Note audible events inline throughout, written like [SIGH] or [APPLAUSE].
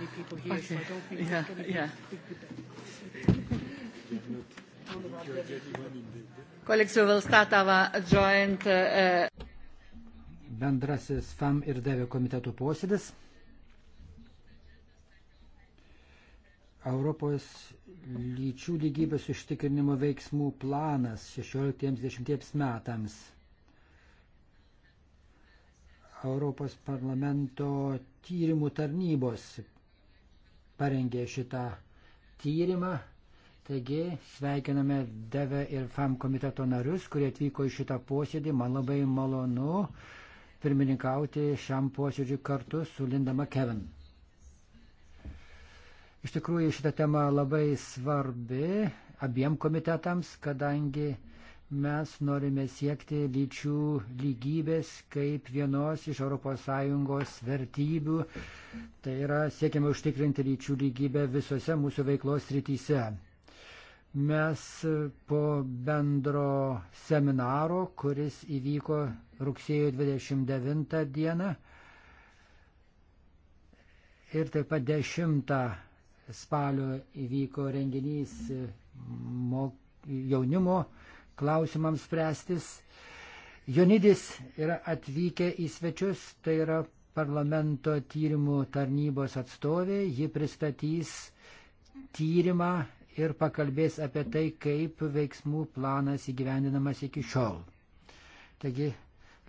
many people here, okay. so I don't think yeah, it's going to be yeah. a big debate. [LAUGHS] Colleagues, we will start our joint. Uh, uh Bendrasis FAM ir DEVE komitetų posėdis. Europos lyčių lygybės užtikrinimo veiksmų planas 16-10 metams. Europos parlamento tyrimų tarnybos parengė šitą tyrimą. Taigi sveikiname Deve ir FAM komiteto narius, kurie atvyko į šitą posėdį. Man labai malonu pirmininkauti šiam posėdžiui kartu su Linda McKevin. Iš tikrųjų šitą temą labai svarbi abiem komitetams, kadangi mes norime siekti lyčių lygybės kaip vienos iš ES vertybių. Tai yra siekiame užtikrinti lyčių lygybę visose mūsų veiklos rytise. Mes po bendro seminaro, kuris įvyko rugsėjo 29 dieną ir taip pat 10 spalio įvyko renginys jaunimo klausimams spręstis. Jonidis yra atvykę į svečius, tai yra parlamento tyrimų tarnybos atstovė, ji pristatys tyrimą ir pakalbės apie tai, kaip veiksmų planas įgyvendinamas iki šiol. Taigi,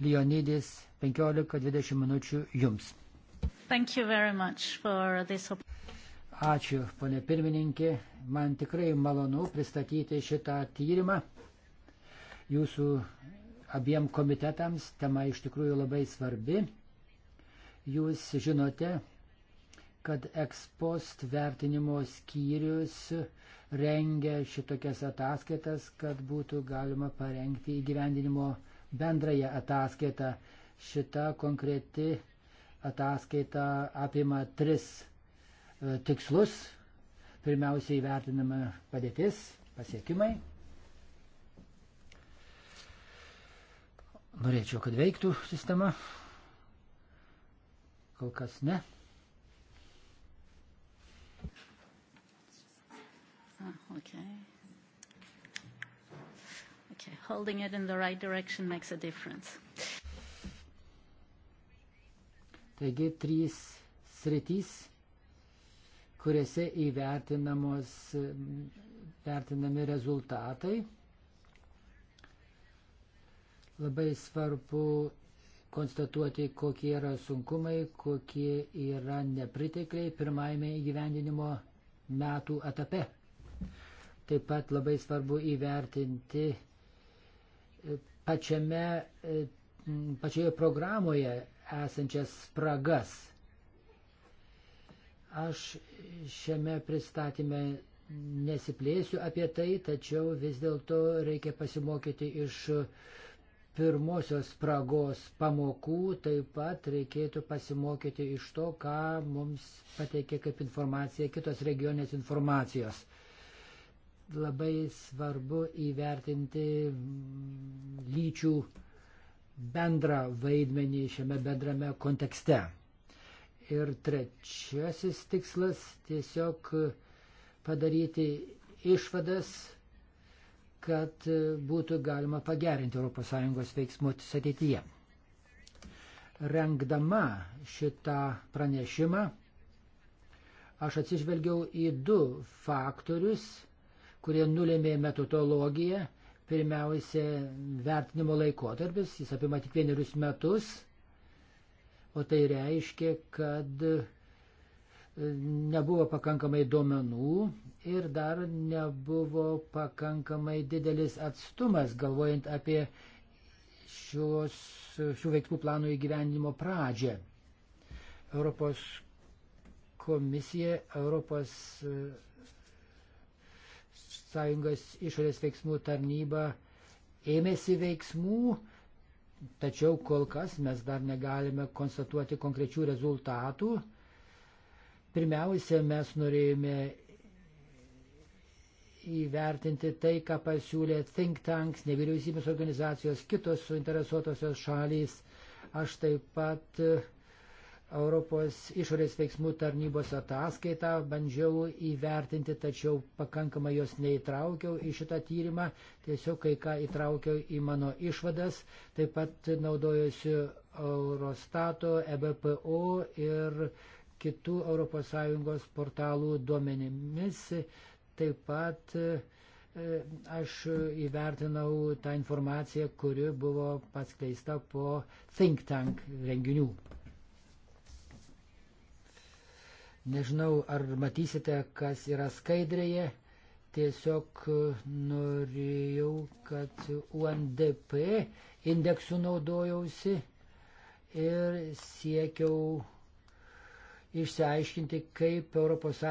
Leonidis, 15-20 minučių jums. This... Ačiū, ponė pirmininkė. Man tikrai malonu pristatyti šitą tyrimą jūsų abiem komitetams. Tema iš tikrųjų labai svarbi. Jūs žinote, kad ekspost vertinimo skyrius rengia šitokias ataskaitas, kad būtų galima parengti įgyvendinimo bendrąją ataskaitą. Šita konkreti ataskaita apima tris e, tikslus. Pirmiausiai vertinama padėtis, pasiekimai Norėčiau, kad veiktų sistema. Kol kas ne. Ah, okay. Okay, holding it in the right direction makes a difference. Taigi trys sritys, kuriuose įvertinamos, vertinami rezultatai. Labai svarbu konstatuoti, kokie yra sunkumai, kokie yra nepritekliai pirmajame įgyvendinimo metų etape. Taip pat labai svarbu įvertinti e, pačiame, e, pačioje programoje esančias spragas. Aš šiame pristatyme nesiplėsiu apie tai, tačiau vis dėlto reikia pasimokyti iš uh, pirmosios spragos pamokų, taip pat reikėtų pasimokyti iš to, ką mums pateikė kaip informacija kitos regionės informacijos. Labai svarbu įvertinti lyčių bendrą vaidmenį šiame bendrame kontekste. Ir trečiasis tikslas - tiesiog padaryti išvadas kad būtų galima pagerinti ES veiksmus ateityje. Rengdama šitą pranešimą, aš atsižvelgiau į du faktorius, kurie nulėmė metodologiją. Pirmiausia, vertinimo laikotarpis, jis apima tik vienerius metus, o tai reiškia, kad nebuvo pakankamai duomenų ir dar nebuvo pakankamai didelis atstumas, galvojant apie šios, šių veiksmų planų įgyvendinimo pradžią. Europos komisija, Europos e, Sąjungos išorės veiksmų tarnyba ėmėsi veiksmų, tačiau kol kas mes dar negalime konstatuoti konkrečių rezultatų. Pirmiausia, mes norėjome įvertinti tai, ką pasiūlė think tanks, nevyriausybės organizacijos, kitos suinteresuotosios šalys. Aš taip pat e, Europos išorės veiksmų tarnybos ataskaitą bandžiau įvertinti, tačiau pakankamai jos neįtraukiau į šitą tyrimą, tiesiog kai ką įtraukiau į mano išvadas. Taip pat naudojusi Eurostato, EBPO ir kitų ES portalų duomenimis Taip pat e, e, aš įvertinau tą informaciją, kuri buvo paskleista po think tank renginių. Nežinau, ar matysite, kas yra skaidrėje. Tiesiog norėjau, kad UNDP indeksų naudojausi ir siekiau išsiaiškinti, kaip ES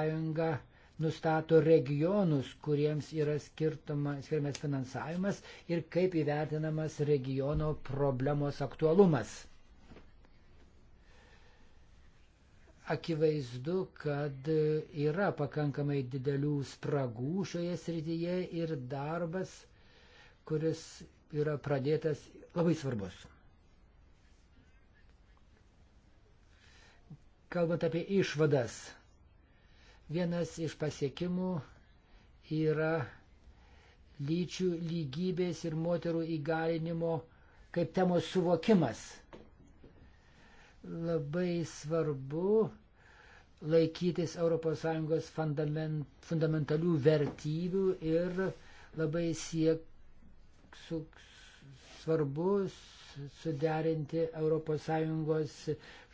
nustato regionus, kuriems yra skirtas finansavimas ir kaip įvertinamas regiono problemos aktualumas. Akivaizdu, kad yra pakankamai didelių spragų šioje srityje ir darbas, kuris yra pradėtas, labai svarbus. Kalbant apie išvadas, Vienas iš pasiekimų yra lyčių lygybės ir moterų įgalinimo kaip temos suvokimas. Labai svarbu laikytis ES fundamentalių vertybių ir labai siek, su, svarbu suderinti ES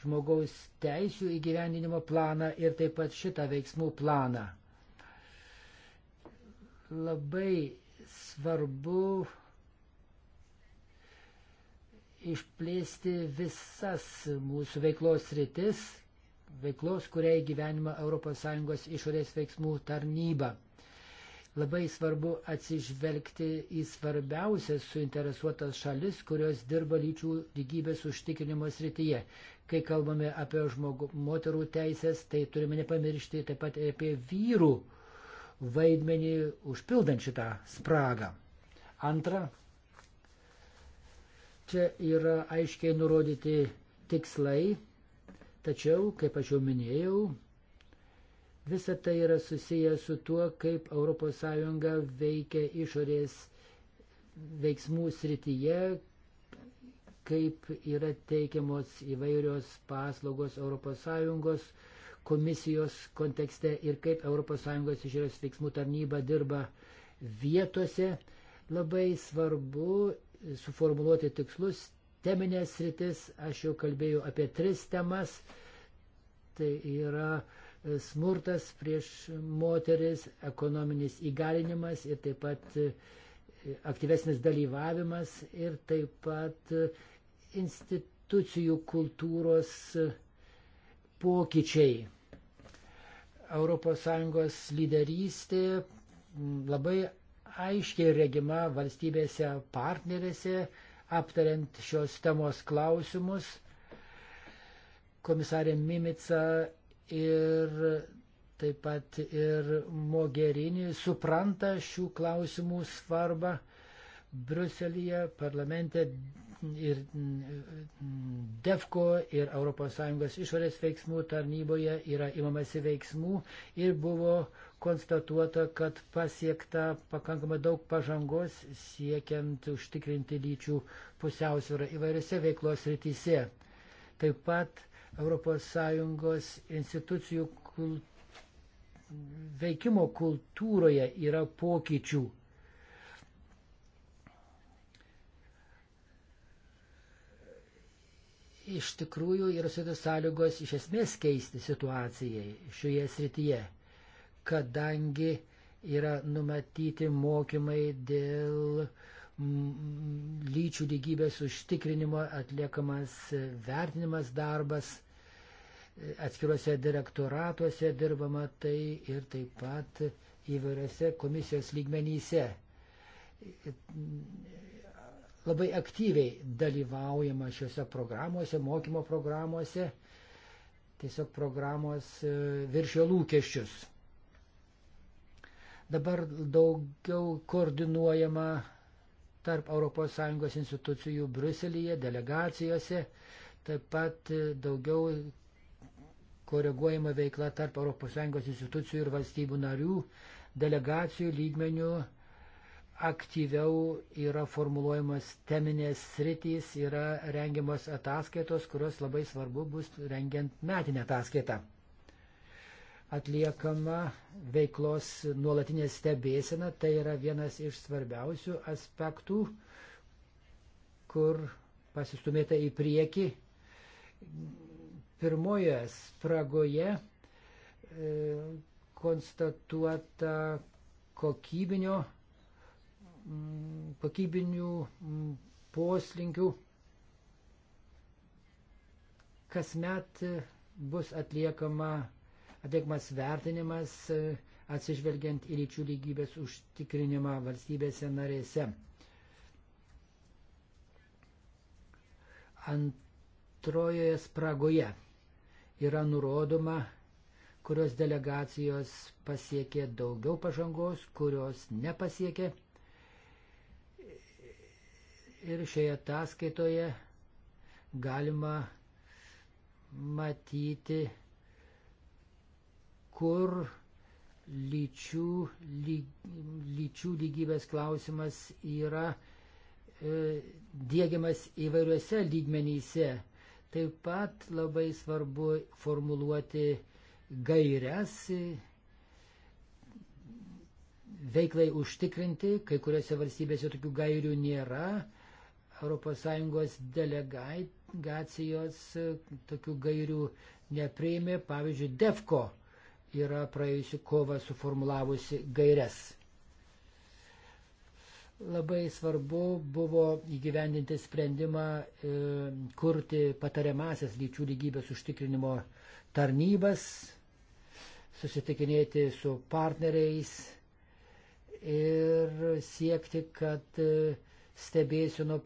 žmogaus teisų įgyvendinimo planą ir taip pat šitą veiksmų planą. Labai svarbu išplėsti visas mūsų veiklos rytis, veiklos, kuriai gyvenimą ES išorės veiksmų tarnyba. Labai svarbu atsižvelgti į svarbiausias suinteresuotas šalis, kurios dirba lyčių lygybės užtikrinimo srityje. Kai kalbame apie žmogų, moterų teisės, tai turime nepamiršti taip pat apie vyrų vaidmenį užpildant šitą spragą. Antra, čia yra aiškiai nurodyti tikslai, tačiau, kaip aš jau minėjau, Visa tai yra susiję su tuo, kaip ES veikia išorės veiksmų srityje, kaip yra teikiamos įvairios paslaugos ES komisijos kontekste ir kaip ES išorės veiksmų tarnyba dirba vietose. Labai svarbu suformuluoti tikslus, teminės sritis, aš jau kalbėjau apie tris temas, tai yra uh, smurtas prieš moteris, ekonominis įgalinimas ir taip pat e, aktyvesnis dalyvavimas ir taip pat e, institucijų kultūros e, pokyčiai. ES lyderystė labai aiškiai regima valstybėse partnerėse, aptariant šios temos klausimus. Komisarė Mimica ir taip pat ir Mogherini supranta šių klausimų svarbą Bruselėje, parlamente ir DEFCO ir ES išorės veiksmų tarnyboje yra imamasi veiksmų ir buvo konstatuota, kad pasiekta pakankamai daug pažangos siekiant užtikrinti lyčių pusiausvyrą įvairiose veiklos rytise. Taip pat ES institucijų kultūros veikimo kultūroje yra pokyčių. Iš tikrųjų yra sudėtos sąlygos iš esmės keisti situacijai šioje srityje, kadangi yra numatyti mokymai dėl lyčių lygybės užtikrinimo atliekamas vertinimas darbas atskiruose direktoratuose dirbama tai ir taip pat įvairiose komisijos lygmenyse. Labai aktyviai dalyvaujama šiuose programuose, mokymo programuose, tiesiog programos e, viršio lūkesčius. Dabar daugiau koordinuojama tarp ES institucijų Bruselėje, delegacijose, taip pat e, daugiau koreguojama veikla tarp ES institucijų ir valstybių narių, delegacijų lygmenių aktyviau yra formuluojamas teminės sritys, yra rengiamas ataskaitos, kurios labai svarbu bus rengiant metinę ataskaitą. Atliekama veiklos nuolatinė stebėsena, tai yra vienas iš svarbiausių aspektų, kur pasistumėta į priekį pirmoje spragoje e, konstatuota kokybinio, mm, kokybinių mm, poslinkių. Kasmet bus atliekama, atliekamas vertinimas e, atsižvelgiant į lyčių lygybės užtikrinimą valstybėse narėse. Antrojoje spragoje yra nurodoma, kurios delegacijos pasiekė daugiau pažangos, kurios nepasiekė. Ir šioje ataskaitoje galima matyti, kur lyčių, ly, lyčių lygybės klausimas yra e, dėgiamas įvairiuose lygmenyse Taip pat labai svarbu formuluoti gairias veiklai užtikrinti, kai kuriuose valstybėse tokių gairių nėra. ES delegacijos e, tokių gairių nepriėmė, pavyzdžiui, DEFCO yra praėjusi kova suformulavusi gairias. Labai svarbu buvo įgyvendinti sprendimą e, kurti patariamasias lyčių lygybės užtikrinimo tarnybas, susitikinėti su partneriais ir siekti, kad e, stebėsienos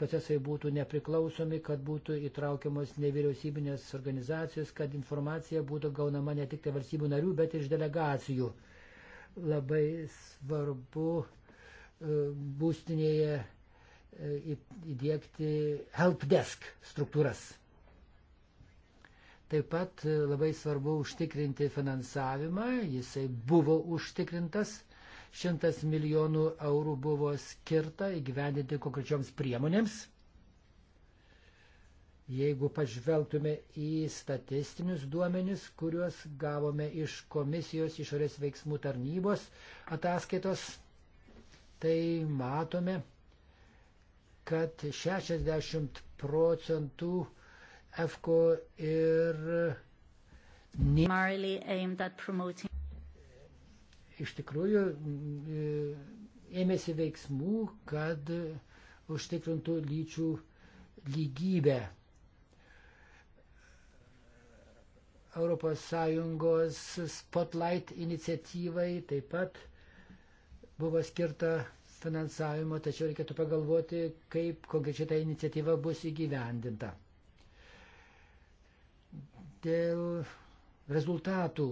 procesai būtų nepriklausomi, kad būtų įtraukiamos nevyriausybinės organizacijos, kad informacija būtų gaunama ne tik tai valstybių narių, bet ir iš delegacijų. Labai svarbu būstinėje e, įdėkti helpdesk struktūras. Taip pat e, labai svarbu užtikrinti finansavimą, jisai buvo užtikrintas, 100 milijonų eurų buvo skirta įgyvendinti konkrečioms priemonėms. Jeigu pažvelgtume į statistinius duomenis, kuriuos gavome iš komisijos išorės veiksmų tarnybos ataskaitos, tai matome, kad 60 procentų EFKO ir iš tikrųjų e, ėmėsi veiksmų, kad užtikrintų lyčių lygybę. ES Spotlight iniciatyvai taip pat buvo skirta finansavimo, tačiau reikėtų pagalvoti, kaip konkrečiai ta iniciatyva bus įgyvendinta. Dėl rezultatų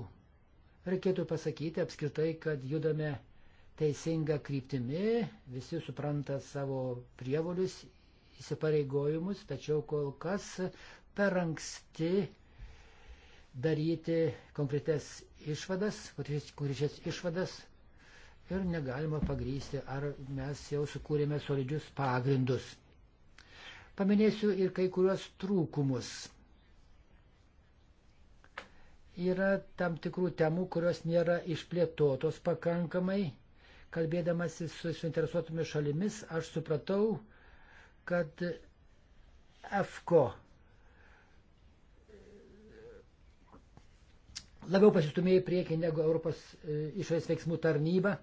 reikėtų pasakyti apskritai, kad judame teisinga kryptimi, visi supranta savo prievolius, įsipareigojimus, tačiau kol kas per anksti daryti konkretes išvadas, konkrečias išvadas ir negalima pagrysti, ar mes jau sukūrėme solidžius pagrindus. Paminėsiu ir kai kuriuos trūkumus. Yra tam tikrų temų, kurios nėra išplėtotos pakankamai. Kalbėdamasis su suinteresuotomis šalimis, aš supratau, kad EFKO labiau pasistumėjo į priekį negu Europos e, išorės veiksmų tarnyba.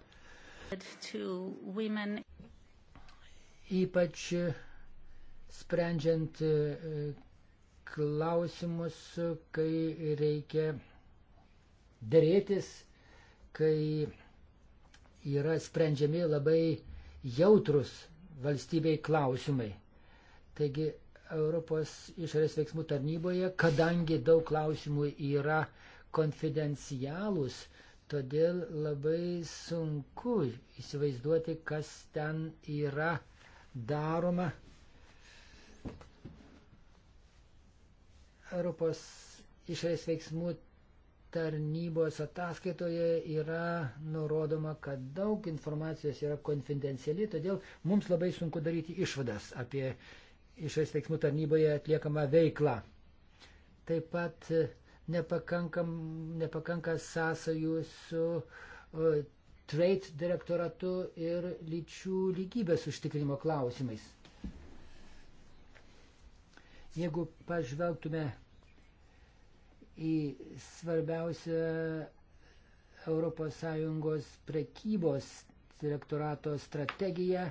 Ypač sprendžiant e, klausimus, kai reikia dėrėtis, kai yra sprendžiami labai jautrus valstybei klausimai. Taigi Europos išorės veiksmų tarnyboje, kadangi daug klausimų yra konfidencialūs, Todėl labai sunku įsivaizduoti, kas ten yra daroma. Europos išorės veiksmų tarnybos ataskaitoje yra nurodoma, kad daug informacijos yra konfidenciali, todėl mums labai sunku daryti išvadas apie išorės veiksmų tarnyboje atliekamą veiklą. Taip pat nepakankam, nepakanka sąsajų su o, trade direktoratu ir lyčių lygybės užtikrinimo klausimais. Jeigu pažvelgtume į svarbiausią ES prekybos direktorato strategiją,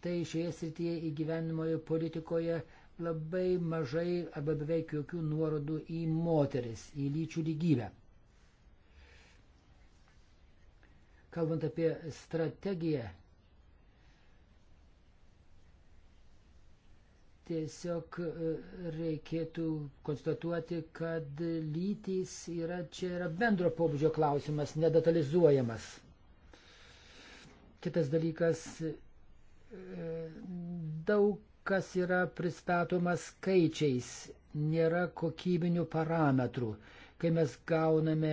tai šioje srityje įgyvenimoje politikoje labai mažai arba beveik jokių nuorodų į moteris, į lyčių lygybę. Kalbant apie strategiją, tiesiog e, reikėtų konstatuoti, kad lytys yra, čia yra bendro pobūdžio klausimas, nedetalizuojamas. Kitas dalykas, e, daug kas yra pristatoma skaičiais, nėra kokybinių parametrų. Kai mes gauname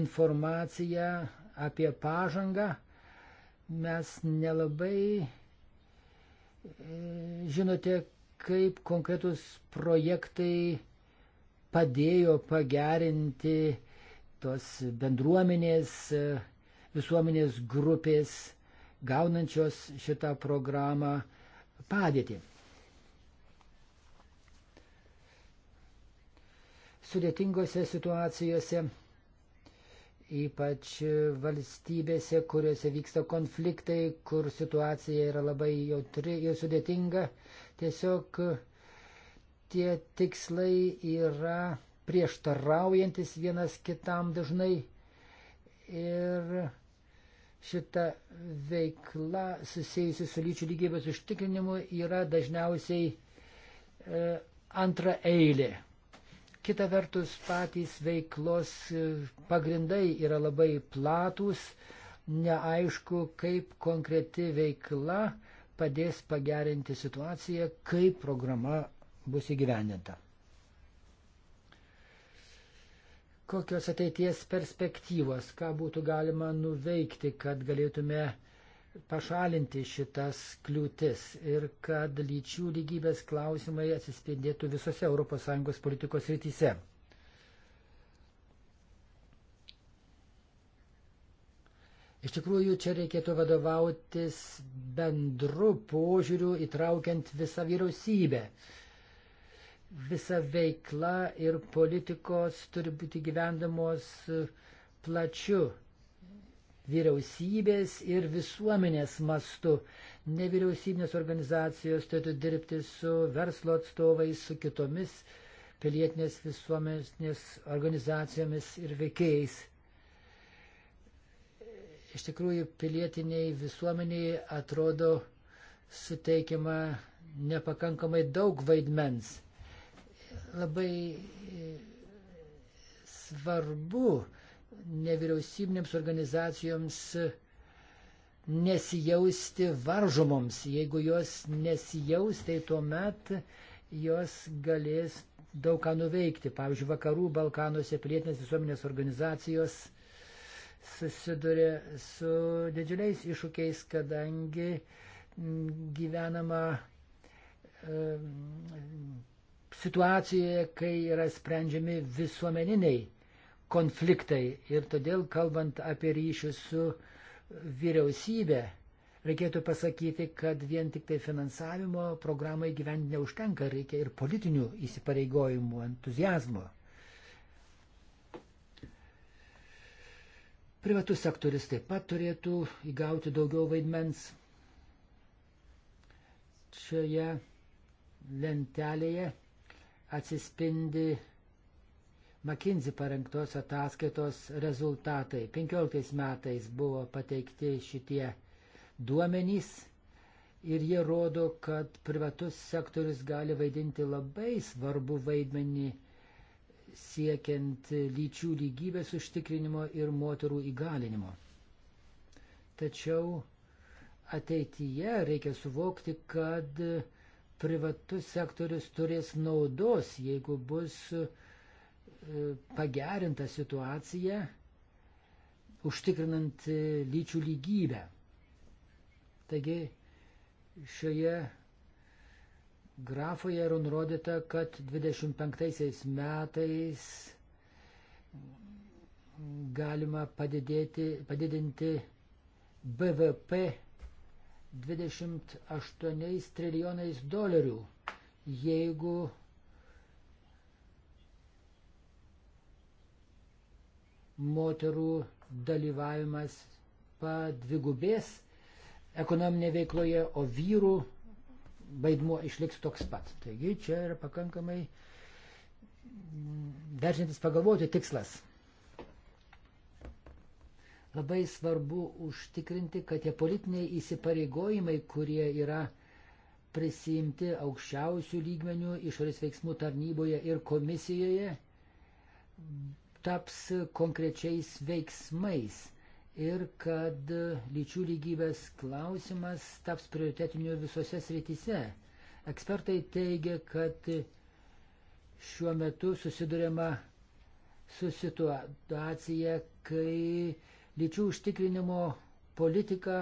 informaciją apie pažangą, mes nelabai e, žinote, kaip konkretus projektai padėjo pagerinti tos bendruomenės, e, visuomenės grupės gaunančios šitą programą padėtį. sudėtingose situacijose, ypač valstybėse, kuriuose vyksta konfliktai, kur situacija yra labai jautri ir sudėtinga. Tiesiog tie tikslai yra prieštaraujantis vienas kitam dažnai ir šita veikla susijusi su lyčių lygybės užtikrinimu yra dažniausiai e, antra eilė. Kita vertus, patys veiklos pagrindai yra labai platūs, neaišku, kaip konkreti veikla padės pagerinti situaciją, kaip programa bus įgyvendinta. Kokios ateities perspektyvos, ką būtų galima nuveikti, kad galėtume pašalinti šitas kliūtis ir kad lyčių lygybės klausimai atsispindėtų visose ES politikos rytise. Iš tikrųjų, čia reikėtų vadovautis bendru požiūriu įtraukiant visą vyriausybę. Visa veikla ir politikos turi būti gyvendamos plačiu vyriausybės ir visuomenės mastu. Nevyriausybinės organizacijos turėtų dirbti su verslo atstovais, su kitomis pilietinės visuomenės organizacijomis ir veikėjais. Iš tikrųjų, pilietiniai visuomeniai atrodo suteikiama nepakankamai daug vaidmens. Labai e, svarbu nevyriausybinėms organizacijoms nesijausti varžomoms. Jeigu jos nesijaus, tai tuomet jos galės daug ką nuveikti. Pavyzdžiui, vakarų Balkanuose pilietinės visuomenės organizacijos susiduria su didžiuliais iššūkiais, kadangi mm, gyvenama e, situacijoje, kai yra sprendžiami visuomeniniai konfliktai. Ir todėl, kalbant apie ryšius su vyriausybė, reikėtų pasakyti, kad vien tik tai finansavimo programai gyventi neužtenka, reikia ir politinių įsipareigojimų, entuzijazmo. Privatus sektoris taip pat turėtų įgauti daugiau vaidmens. Šioje lentelėje atsispindi McKinsey parengtos ataskaitos rezultatai. 15 metais buvo pateikti šitie duomenys ir jie rodo, kad privatus sektorius gali vaidinti labai svarbu vaidmenį siekiant lyčių lygybės užtikrinimo ir moterų įgalinimo. Tačiau ateityje reikia suvokti, kad privatus sektorius turės naudos, jeigu bus uh, pagerinta situacija, užtikrinant e, lyčių lygybę. Taigi šioje grafoje yra nurodyta, kad 25 metais galima padidėti, padidinti BVP 28 trilijonais dolerių, jeigu moterų dalyvavimas padvigubės ekonominėje veikloje, o vyrų vaidmuo išliks toks pat. Taigi čia yra pakankamai vertintis pagalvoti tikslas. Labai svarbu užtikrinti, kad tie politiniai įsipareigojimai, kurie yra prisimti aukščiausių lygmenių išorės veiksmų tarnyboje ir komisijoje, taps konkrečiais veiksmais ir kad lyčių lygybės klausimas taps prioritetiniu visose srityse. Ekspertai teigia, kad šiuo metu susidurima su situacija, kai lyčių užtikrinimo politika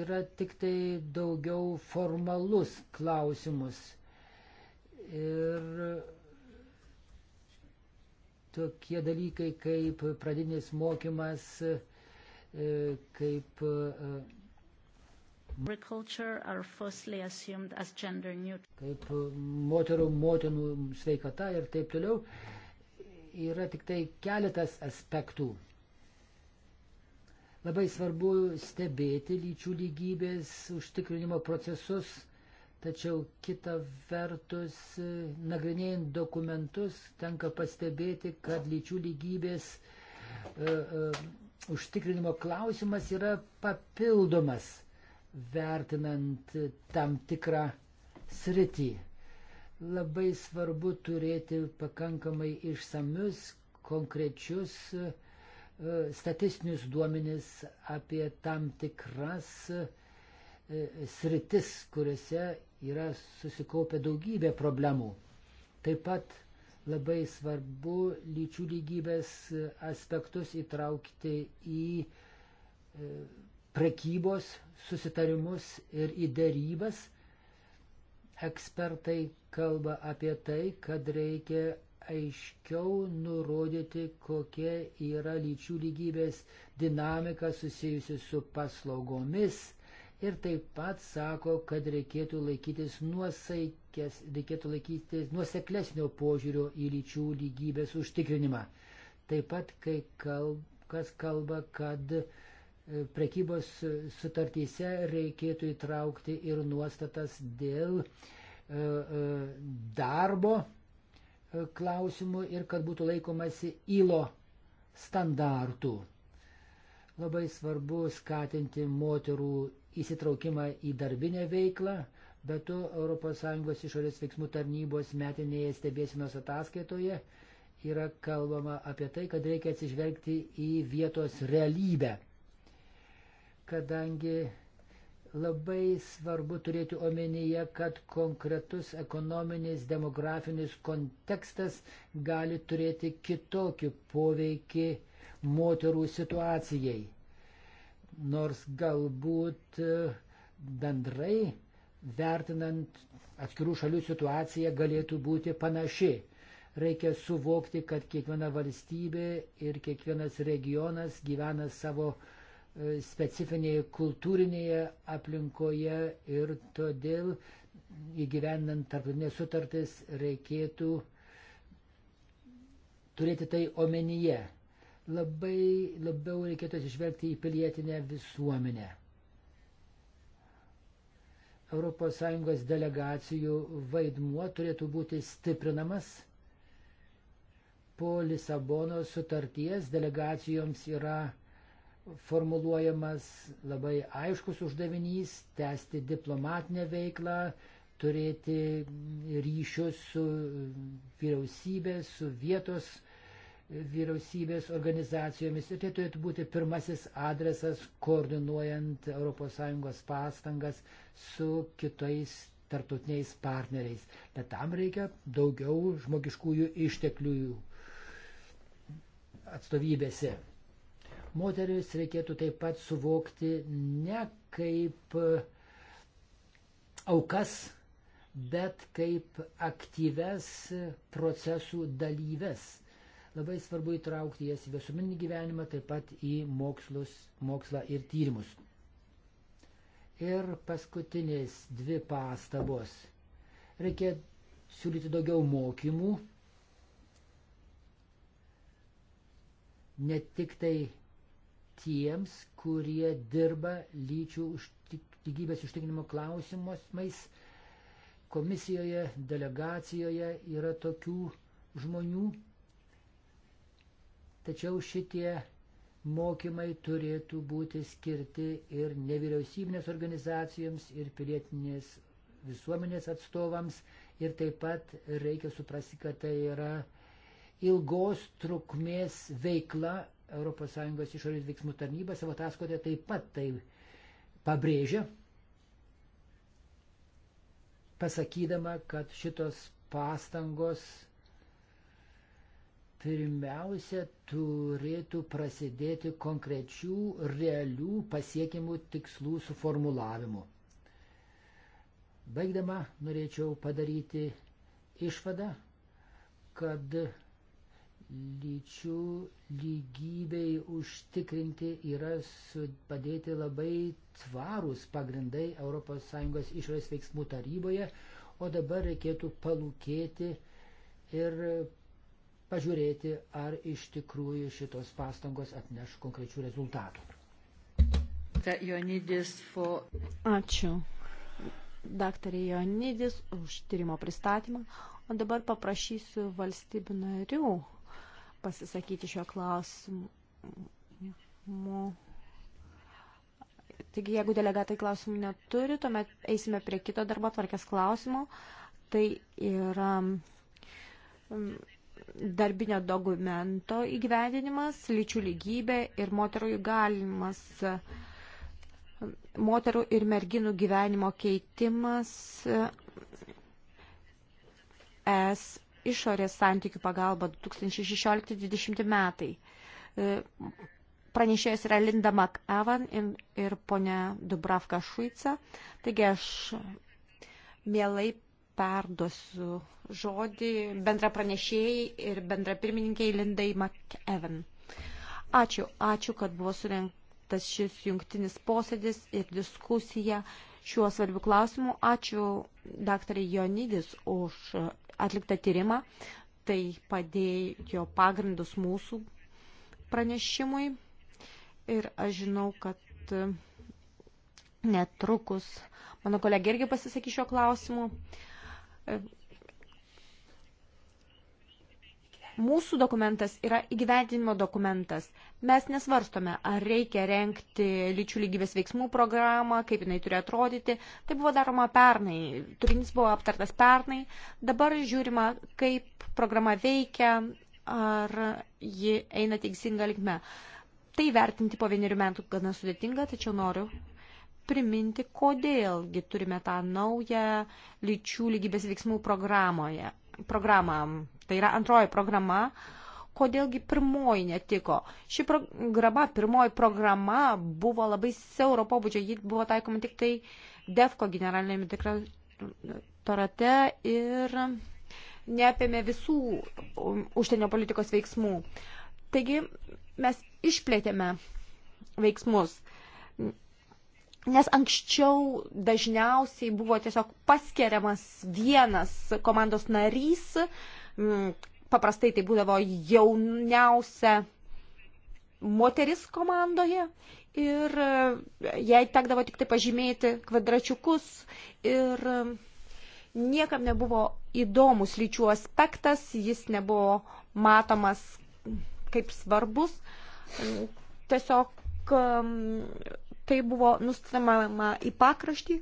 yra tik tai daugiau formalus klausimus. Ir tokie dalykai kaip pradinis mokymas, e, kaip. E, kaip moterų, motinų sveikata ir taip toliau yra tik tai keletas aspektų. Labai svarbu stebėti lyčių lygybės užtikrinimo procesus Tačiau kita vertus, nagrinėjant dokumentus, tenka pastebėti, kad lyčių lygybės e, e, užtikrinimo klausimas yra papildomas, vertinant tam tikrą sritį. Labai svarbu turėti pakankamai išsamius, konkrečius e, statistinius duomenis apie tam tikras e, sritis, kuriuose yra susikaupę daugybė problemų. Taip pat labai svarbu lyčių lygybės aspektus įtraukti į e, prekybos susitarimus ir į dėrybas. Ekspertai kalba apie tai, kad reikia aiškiau nurodyti, kokia yra lyčių lygybės dinamika susijusi su paslaugomis ir taip pat sako, kad reikėtų laikytis nuosaikės, reikėtų laikytis nuoseklesnio požiūrio į lyčių lygybės užtikrinimą. Taip pat, kai kalb, kas kalba, kad e, prekybos sutartyse reikėtų įtraukti ir nuostatas dėl e, e, darbo klausimų ir kad būtų laikomasi įlo standartų. Labai svarbu skatinti moterų įsitraukimą į darbinę veiklą, bet to ES išorės veiksmų tarnybos metinėje stebėsinos ataskaitoje yra kalbama apie tai, kad reikia atsižvelgti į vietos realybę. Kadangi labai svarbu turėti omenyje, kad konkretus ekonominis, demografinis kontekstas gali turėti kitokį poveikį moterų situacijai nors galbūt e, bendrai vertinant atskirų šalių situaciją galėtų būti panaši. Reikia suvokti, kad kiekviena valstybė ir kiekvienas regionas gyvena savo e, specifinėje kultūrinėje aplinkoje ir todėl įgyvendant tarptautinės sutartis reikėtų turėti tai omenyje labai labiau reikėtų atsižvelgti į pilietinę visuomenę. ES delegacijų vaidmuo turėtų būti stiprinamas. Po Lisabono sutarties delegacijoms yra formuluojamas labai aiškus uždavinys - tęsti diplomatinę veiklą, turėti ryšius su vyriausybė, su vietos vyriausybės organizacijomis. Ir tai turėtų būti pirmasis adresas, koordinuojant ES pastangas su kitais tartutiniais partneriais. Bet tam reikia daugiau žmogiškųjų išteklių atstovybėse. Moteris reikėtų taip pat suvokti ne kaip aukas, bet kaip aktyves procesų dalyves Labai svarbu įtraukti jas į visuomeninį gyvenimą, taip pat į mokslus, mokslą ir tyrimus. Ir paskutinės dvi pastabos. Reikia siūlyti daugiau mokymų, ne tik tai tiems, kurie dirba lyčių lygybės užtikrinimo klausimais. Komisijoje, delegacijoje yra tokių žmonių, Tačiau šitie mokymai turėtų būti skirti ir nevyriausybinės organizacijoms, ir pilietinės visuomenės atstovams. Ir taip pat reikia suprasti, kad tai yra ilgos trukmės veikla ES išorės veiksmų tarnyba savo ataskote taip pat tai pabrėžia, pasakydama, kad šitos pastangos pirmiausia turėtų prasidėti konkrečių, realių pasiekimų tikslų suformulavimu. Baigdama norėčiau padaryti išvadą, kad lyčių lygybei užtikrinti yra padėti labai tvarūs pagrindai ES išorės veiksmų taryboje, o dabar reikėtų palūkėti ir pažiūrėti, ar iš tikrųjų šitos pastangos atneš konkrečių rezultatų. Ačiū daktarė Jonidis už tyrimo pristatymą, o dabar paprašysiu valstybių narių pasisakyti šio klausimu. Taigi, jeigu delegatai klausimų neturi, tuomet eisime prie kito darbo tvarkės klausimo. Tai yra mm, darbinio dokumento įgyvendinimas, lyčių lygybė ir moterų įgalimas, moterų ir merginų gyvenimo keitimas, es išorės santykių pagalba 2016-2020 metai. Pranešėjas yra Linda McEwan ir ponia Dubravka Šuica. Taigi aš mielai perduosiu žodį bendra pranešėjai ir bendra pirmininkiai Lindai McEwen. Ačiū, ačiū, kad buvo surinktas šis jungtinis posėdis ir diskusija šiuo svarbiu klausimu. Ačiū daktarai Jonidis už atliktą tyrimą. Tai padėjo pagrindus mūsų pranešimui. Ir aš žinau, kad netrukus mano kolegė irgi pasisakys šio klausimu. Mūsų dokumentas yra įgyvendinimo dokumentas. Mes nesvarstome, ar reikia renkti lyčių lygybės veiksmų programą, kaip jinai turi atrodyti. Tai buvo daroma pernai. Turinys buvo aptartas pernai. Dabar žiūrima, kaip programa veikia, ar ji eina teisinga linkme. Tai vertinti po vienerių metų gana sudėtinga, tačiau noriu priminti, kodėlgi turime tą naują lyčių lygybės veiksmų programoje. Programą. Tai yra antroji programa. Kodėlgi pirmoji netiko? Ši programa, pirmoji programa buvo labai siauro pobūdžio, ji buvo taikoma tik tai DEFCO generalinėme direktorate ir neapėmė visų užsienio politikos veiksmų. Taigi mes išplėtėme veiksmus Nes anksčiau dažniausiai buvo tiesiog paskeriamas vienas komandos narys, mm, paprastai tai būdavo jauniausia moteris komandoje ir e, jai tekdavo tik tai pažymėti kvadračiukus ir e, niekam nebuvo įdomus lyčių aspektas, jis nebuvo matomas kaip svarbus. Tiesiog e, tai buvo nustamama į pakraštį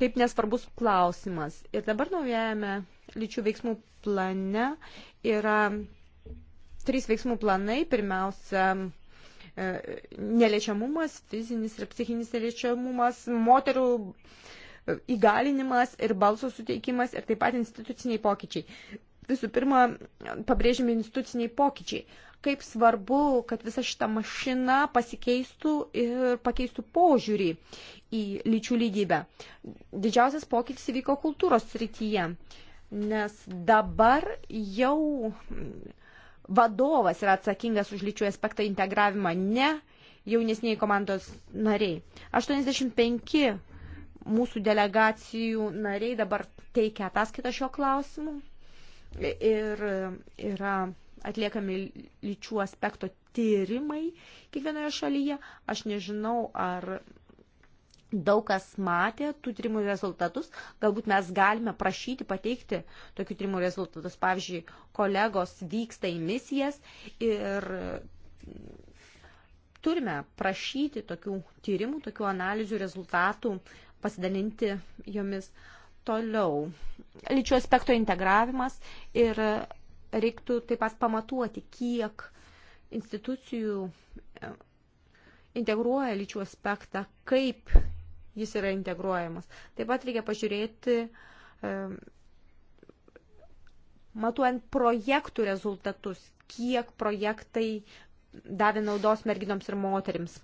kaip nesvarbus klausimas. Ir dabar naujajame lyčių veiksmų plane yra trys veiksmų planai. Pirmiausia, e, neliečiamumas, fizinis ir psichinis neliečiamumas, moterų e, įgalinimas ir balso suteikimas ir taip pat instituciniai pokyčiai. Visų pirma, pabrėžimi instituciniai pokyčiai kaip svarbu, kad visa šita mašina pasikeistų ir pakeistų požiūrį į lyčių lygybę. Didžiausias pokytis įvyko kultūros srityje, nes dabar jau vadovas yra atsakingas už lyčių aspektą integravimą, ne jaunesniai komandos nariai. 85 mūsų delegacijų nariai dabar teikia ataskaitą šio klausimu ir yra atliekami lyčių aspekto tyrimai kiekvienoje šalyje. Aš nežinau, ar daug kas matė tų tyrimų rezultatus. Galbūt mes galime prašyti pateikti tokių tyrimų rezultatus. Pavyzdžiui, kolegos vyksta į misijas ir turime prašyti tokių tyrimų, tokių analizių rezultatų, pasidalinti jomis toliau. Lyčių aspekto integravimas ir reiktų taip pat pamatuoti, kiek institucijų e, integruoja lyčių aspektą, kaip jis yra integruojamas. Taip pat reikia pažiūrėti, e, matuojant projektų rezultatus, kiek projektai davė naudos merginoms ir moterims.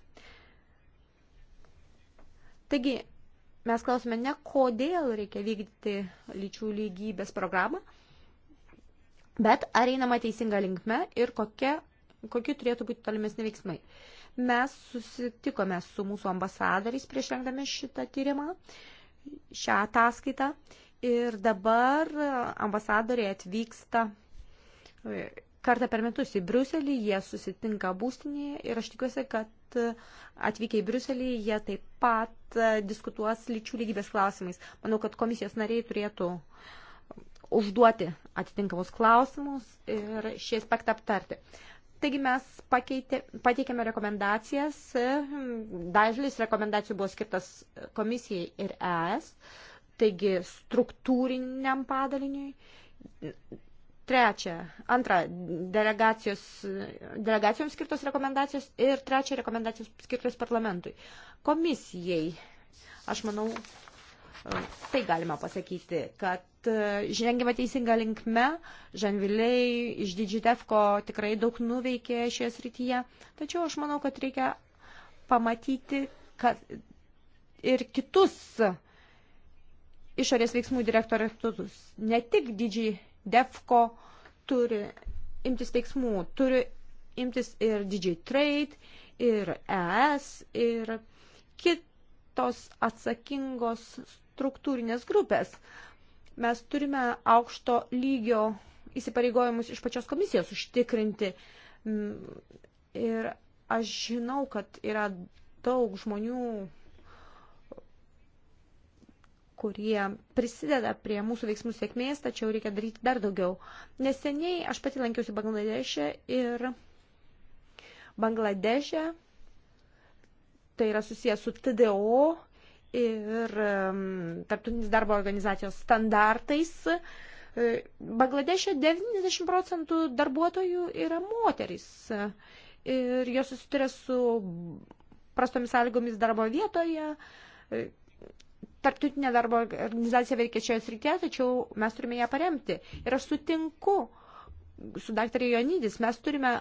Taigi, mes klausime ne kodėl reikia vykdyti lyčių lygybės programą, Bet ar einama teisinga linkme ir kokie, kokie turėtų būti tolimesni veiksmai? Mes susitikome su mūsų ambasadoriais prieš rengdami šitą tyrimą, šią ataskaitą. Ir dabar ambasadoriai atvyksta e, kartą per metus į Briuselį, jie susitinka būstinėje ir aš tikiuosi, kad atvykę į Briuselį jie taip pat e, diskutuos lyčių lygybės klausimais. Manau, kad komisijos nariai turėtų uh, užduoti atitinkamus klausimus ir šį aspektą aptarti. Taigi mes pakeitė, pateikėme rekomendacijas, dažlis rekomendacijų buvo skirtas komisijai ir ES, taigi struktūriniam padaliniui. Trečia, antra, delegacijos, delegacijoms skirtos rekomendacijos ir trečia, rekomendacijos skirtos parlamentui. Komisijai, aš manau, tai galima pasakyti, kad e, žengėme teisingą linkme, Žanviliai iš Digitefko tikrai daug nuveikė šioje srityje, tačiau aš manau, kad reikia pamatyti, kad ir kitus išorės veiksmų direktoratus, ne tik Digidefko turi imtis veiksmų, turi imtis ir Digitrade, ir ES, ir kitos atsakingos struktūrinės grupės. Mes turime aukšto lygio įsipareigojimus iš pačios komisijos užtikrinti. Mm, ir aš žinau, kad yra daug žmonių, kurie prisideda prie mūsų veiksmų sėkmės, tačiau reikia daryti dar daugiau. Neseniai aš pati lankiausi Bangladeše ir Bangladeše tai yra susijęs su TDO ir tarptautinis darbo organizacijos standartais. E, Bangladešė 90 procentų darbuotojų yra moterys ir jos susituria su prastomis sąlygomis darbo vietoje. E, tarptautinė darbo organizacija veikia šioje srityje, tačiau mes turime ją paremti. Ir aš sutinku su daktarė Jonydis, mes turime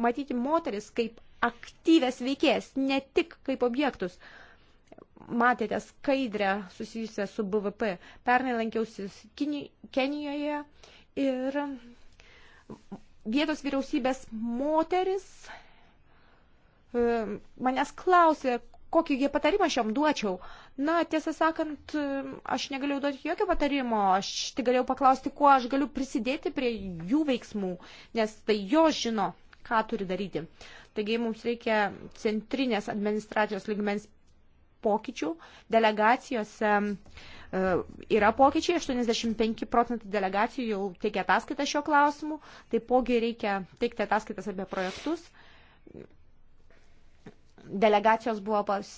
matyti moteris kaip aktyves veikėjas, ne tik kaip objektus. Uh, matėte skaidrę susijusią su BVP. Pernai lankiausi Kenijoje ir vietos vyriausybės moteris e, manęs klausė, kokį jie patarimą šiam duočiau. Na, tiesą sakant, aš negalėjau duoti jokio patarimo, aš tik galėjau paklausti, kuo aš galiu prisidėti prie jų veiksmų, nes tai jo žino, ką turi daryti. Taigi mums reikia centrinės administracijos ligmens pokyčių. Delegacijose e, yra pokyčiai, 85 procentai delegacijų jau teikia ataskaitą šio klausimu, taipogi reikia teikti ataskaitas apie projektus. Delegacijos buvo pas,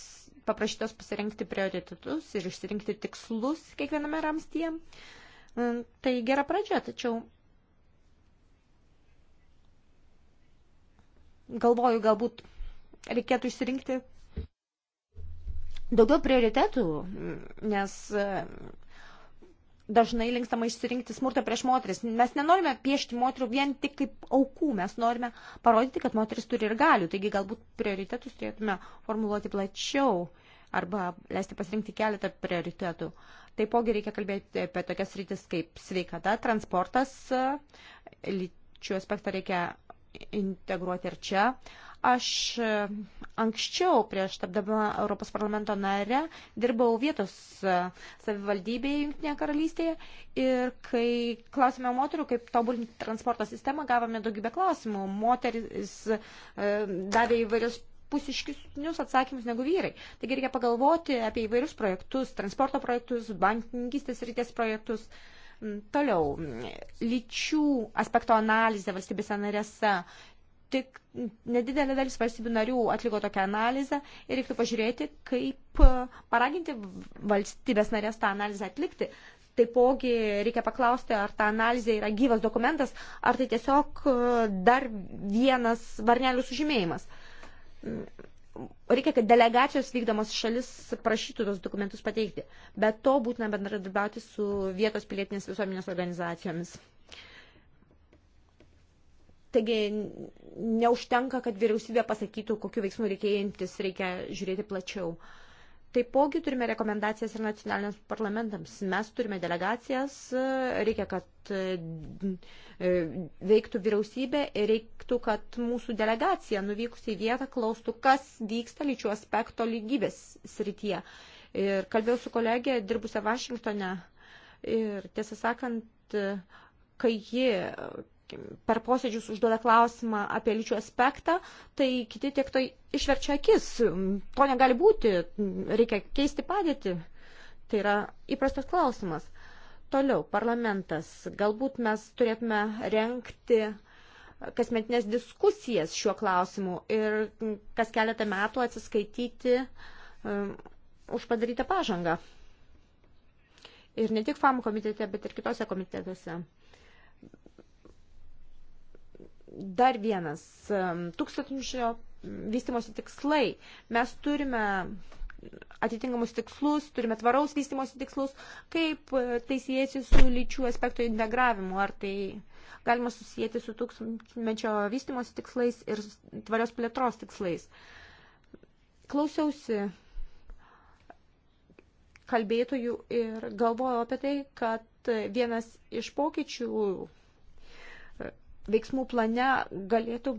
paprašytos pasirinkti prioritetus ir išsirinkti tikslus kiekviename ramstyje. E, tai gera pradžia, tačiau galvoju, galbūt reikėtų išsirinkti daugiau prioritetų, nes e, dažnai linkstama išsirinkti smurtą prieš moteris. Mes nenorime piešti moterų vien tik kaip aukų, mes norime parodyti, kad moteris turi ir galių. Taigi galbūt prioritetus turėtume formuluoti plačiau arba leisti pasirinkti keletą prioritetų. Taipogi reikia kalbėti apie tokias rytis kaip sveikata, transportas, e, lyčių aspektą reikia integruoti ir čia. Aš e, Anksčiau, prieš tapdama Europos parlamento nare, dirbau vietos savivaldybėje Junktinėje karalystėje ir kai klausėme moterų, kaip tobulinti transporto sistemą, gavome daugybę klausimų. Moteris e, davė įvairius pusiškisnius atsakymus negu vyrai. Taigi reikia pagalvoti apie įvairius projektus, transporto projektus, bankininkistės ryties projektus. Toliau, lyčių aspekto analizė valstybėse narėse tik nedidelė dalis valstybių narių atliko tokią analizę ir reiktų pažiūrėti, kaip e, paraginti valstybės narės tą analizę atlikti. Taipogi reikia paklausti, ar ta analizė yra gyvas dokumentas, ar tai tiesiog e, dar vienas varnelių sužymėjimas. Reikia, kad delegacijos vykdomas šalis prašytų tos dokumentus pateikti. Bet to būtina bendradarbiauti su vietos pilietinės visuomenės organizacijomis. Taigi neužtenka, kad vyriausybė pasakytų, kokiu veiksmu reikia imtis, reikia žiūrėti plačiau. Taipogi turime rekomendacijas ir nacionaliniams parlamentams. Mes turime delegacijas, reikia, kad e, veiktų vyriausybė ir reiktų, kad mūsų delegacija nuvykusi į vietą klaustų, kas vyksta lyčių aspekto lygybės srityje. Ir kalbėjau su kolegė, dirbusią Vašingtone. Ir tiesą sakant, kai ji per posėdžius užduoda klausimą apie lyčių aspektą, tai kiti tiek to išverčia akis. To negali būti, reikia keisti padėtį. Tai yra įprastas klausimas. Toliau, parlamentas. Galbūt mes turėtume renkti kasmetinės diskusijas šiuo klausimu ir kas keletą metų atsiskaityti um, už padarytą pažangą. Ir ne tik FAM komitete, bet ir kitose komitetuose. Dar vienas tūkstantmečio vystimosi tikslai. Mes turime atitinkamus tikslus, turime tvaraus vystimosi tikslus, kaip e, tai siejasi su lyčių aspekto integravimu, ar tai galima susijęti su tūkstantmečio vystimosi tikslais ir tvarios plėtros tikslais. Klausiausi kalbėtojų ir galvojau apie tai, kad vienas iš pokyčių veiksmų plane galėtų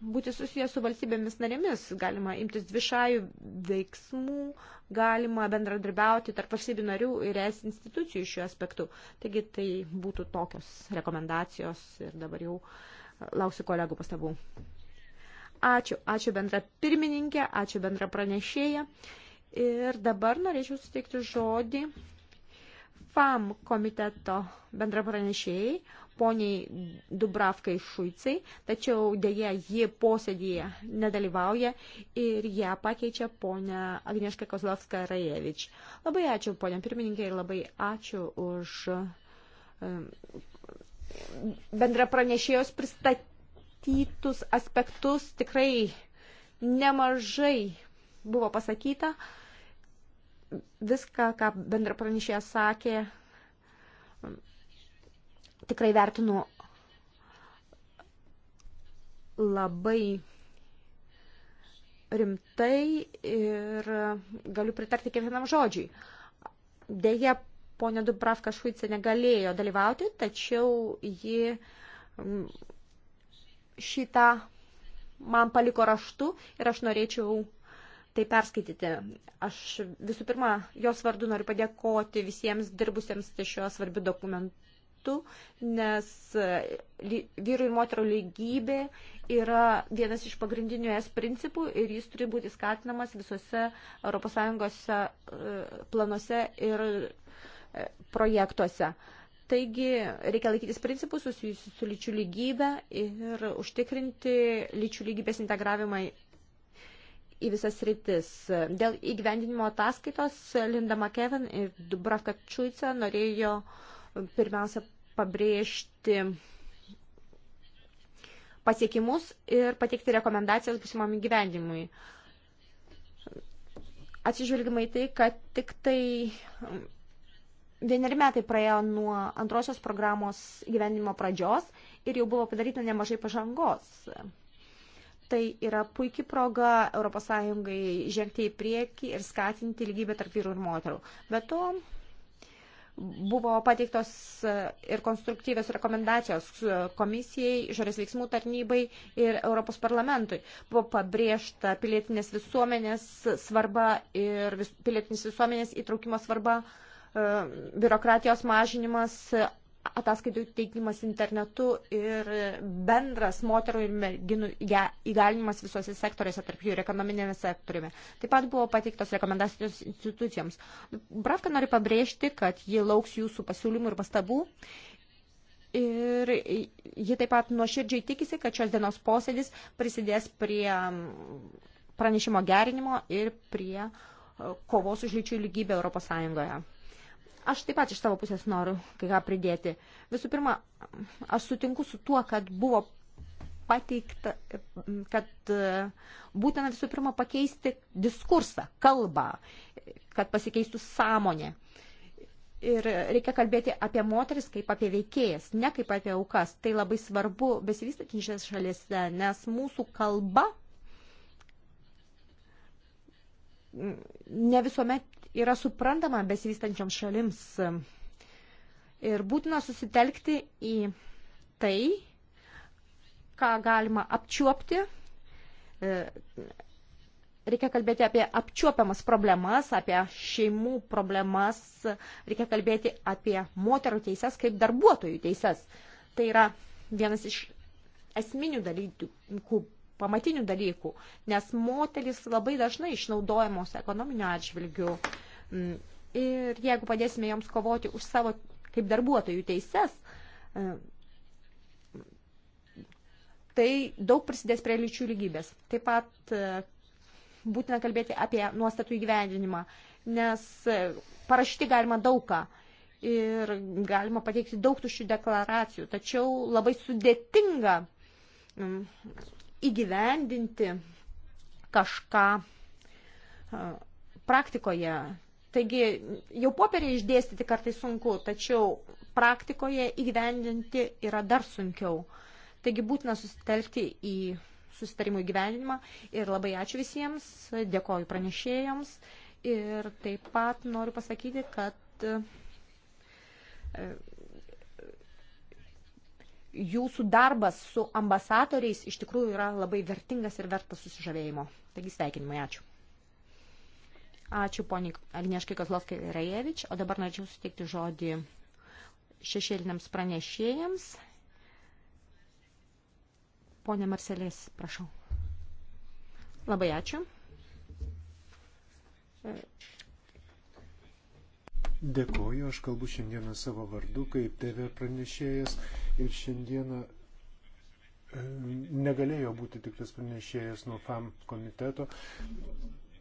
būti susijęs su valstybėmis narėmis. Galima imtis dvišajų veiksmų, galima bendradarbiauti tarp valstybių narių ir es institucijų šiuo aspektu. Taigi tai būtų tokios rekomendacijos ir dabar jau e, lauksiu kolegų pastabų. Ačiū, ačiū bendra pirmininkė, ačiū bendra pranešėja. Ir dabar norėčiau suteikti žodį FAM komiteto bendra pranešėjai, poniai Dubravkai Šuicai, tačiau dėja ji posėdėje nedalyvauja ir ją pakeičia ponia Agnieška Kozlovska Rajevič. Labai ačiū, ponia pirmininkė, ir labai ačiū už bendra pranešėjos pristatytus aspektus. Tikrai nemažai buvo pasakyta. Viską, ką bendra pranešėja sakė, tikrai vertinu labai rimtai ir galiu pritarti kiekvienam žodžiui. Deja, ponė Dubravka Šuica negalėjo dalyvauti, tačiau ji šitą man paliko raštu ir aš norėčiau tai perskaityti. Aš visų pirma, jos vardu noriu padėkoti visiems dirbusiems ties šiuo svarbiu dokumentu metų, nes e, vyrų ir moterų lygybė yra vienas iš pagrindinių es principų ir jis turi būti skatinamas visose ES e, planuose ir e, projektuose. Taigi reikia laikytis principų susijusių su lyčių lygybė ir užtikrinti lyčių lygybės integravimą į visas rytis. Dėl įgyvendinimo ataskaitos Linda McKevin ir Dubravka Čuica norėjo pirmiausia pabrėžti pasiekimus ir pateikti rekomendacijas būsimam įgyvendimui. Atsižvelgimai tai, kad tik tai vieneri metai praėjo nuo antrosios programos gyvenimo pradžios ir jau buvo padaryta nemažai pažangos. Tai yra puikia proga ES žengti į priekį ir skatinti lygybę tarp vyrų ir moterų. Be to, Buvo pateiktos e, ir konstruktyvios rekomendacijos e, komisijai, žorės veiksmų tarnybai ir Europos parlamentui. Buvo pabrėžta pilietinės visuomenės svarba ir vis, pilietinės visuomenės įtraukimo svarba, e, biurokratijos mažinimas, ataskaitų teikimas internetu ir bendras moterų ir merginų įgalinimas visose sektoriuose, tarp jų ir ekonominėme sektoriume. Taip pat buvo pateiktos rekomendacijos institucijoms. Bravka nori pabrėžti, kad ji lauks jūsų pasiūlymų ir pastabų. Ir ji taip pat nuoširdžiai tikisi, kad šios dienos posėdis prisidės prie pranešimo gerinimo ir prie e, kovos už lyčių lygybę Europos Sąjungoje. Aš taip pat iš savo pusės noriu kai ką pridėti. Visų pirma, aš sutinku su tuo, kad buvo pateikta, kad e, būtina visų pirma pakeisti diskursą, kalbą, kad pasikeistų sąmonė. Ir reikia kalbėti apie moteris kaip apie veikėjas, ne kaip apie aukas. Tai labai svarbu besivystatinčias šalėse, nes mūsų kalba ne visuomet yra suprantama besivystančiam šalims. Ir būtina susitelkti į tai, ką galima apčiuopti. E, reikia kalbėti apie apčiuopiamas problemas, apie šeimų problemas, reikia kalbėti apie moterų teises kaip darbuotojų teises. Tai yra vienas iš esminių dalykų, pamatinių dalykų, nes moteris labai dažnai išnaudojamos ekonominio atžvilgiu. Mm, ir jeigu padėsime joms kovoti už savo kaip darbuotojų teises, mm, tai daug prisidės prie lyčių lygybės. Taip pat e, būtina kalbėti apie nuostatų įgyvendinimą, nes e, parašyti galima daugą ir galima pateikti daug tuščių deklaracijų, tačiau labai sudėtinga mm, įgyvendinti kažką praktikoje. Taigi jau popieriai išdėstyti kartais sunku, tačiau praktikoje įgyvendinti yra dar sunkiau. Taigi būtina susitelkti į susitarimų įgyvendinimą ir labai ačiū visiems, dėkoju pranešėjams ir taip pat noriu pasakyti, kad jūsų darbas su ambasadoriais iš tikrųjų yra labai vertingas ir vertas susižavėjimo. Taigi sveikinimai, ačiū. Ačiū poniai Agnieškai Kozlovskai Rajevič, o dabar norėčiau suteikti žodį šešėliniams pranešėjams. Pone Marselės, prašau. Labai ačiū. Dėkoju, aš kalbu šiandieną savo vardu kaip TV pranešėjas ir šiandieną e, negalėjo būti tik tas pranešėjas nuo FAM komiteto.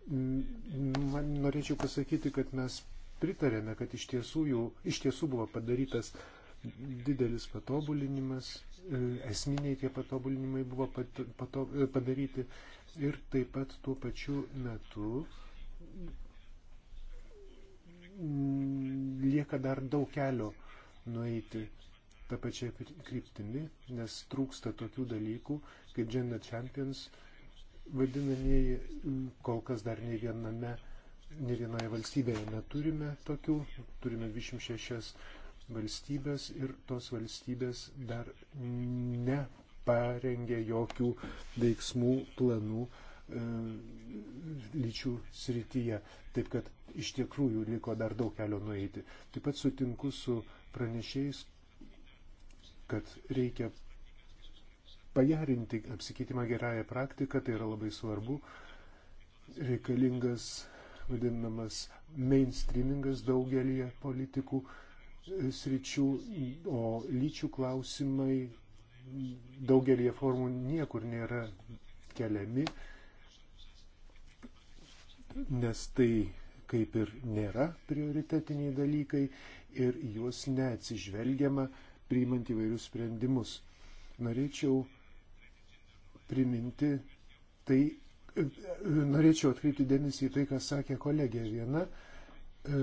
Man norėčiau pasakyti, kad mes pritarėme, kad iš tiesų, jau, iš tiesų buvo padarytas didelis patobulinimas, e, esminiai tie patobulinimai buvo pat, pato, e, padaryti ir taip pat tuo pačiu metu Mm, lieka dar daug kelio nueiti tą pačią kryptimį, nes trūksta tokių dalykų, kaip Gender Champions vadinamieji, kol kas dar ne viename, ne vienoje valstybėje neturime tokių, turime 26 valstybės ir tos valstybės dar neparengė jokių veiksmų planų E, lyčių srityje. Taip kad iš tikrųjų liko dar daug kelio nueiti. Taip pat sutinku su pranešėjais, kad reikia pagerinti apsikeitimą gerąją praktiką, tai yra labai svarbu. Reikalingas vadinamas mainstreamingas daugelį politikų e, sričių, o lyčių klausimai daugelį formų niekur nėra keliami nes tai kaip ir nėra prioritetiniai dalykai ir juos neatsižvelgiama priimant įvairius sprendimus. Norėčiau priminti tai, norėčiau atkreipti dėmesį į tai, ką sakė kolegė viena. E,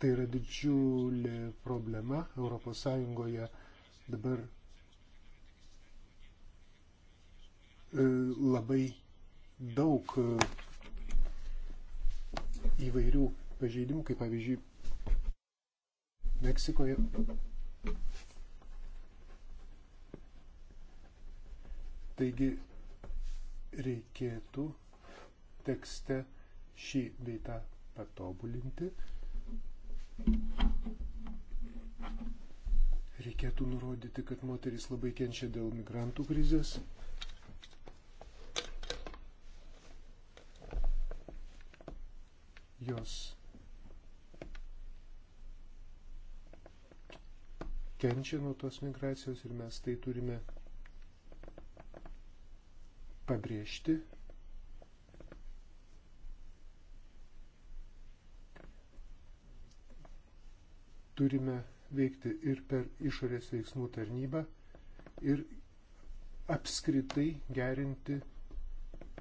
tai yra didžiulė problema ES dabar e, labai daug įvairių pažeidimų, kaip pavyzdžiui Meksikoje. Taigi reikėtų tekste šį beitą patobulinti. Reikėtų nurodyti, kad moteris labai kenčia dėl migrantų krizės. jos kenčia nuo tos migracijos ir mes tai turime pabrėžti. Turime veikti ir per išorės veiksmų tarnybą ir apskritai gerinti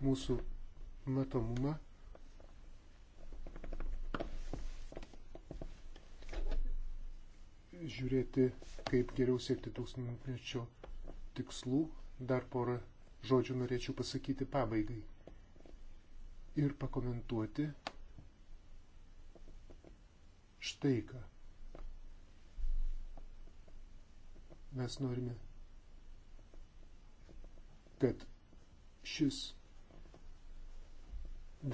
mūsų matomumą žiūrėti, kaip geriau siekti tūkstantmečio tikslų. Dar porą žodžių norėčiau pasakyti pabaigai ir pakomentuoti štai ką. Mes norime, kad šis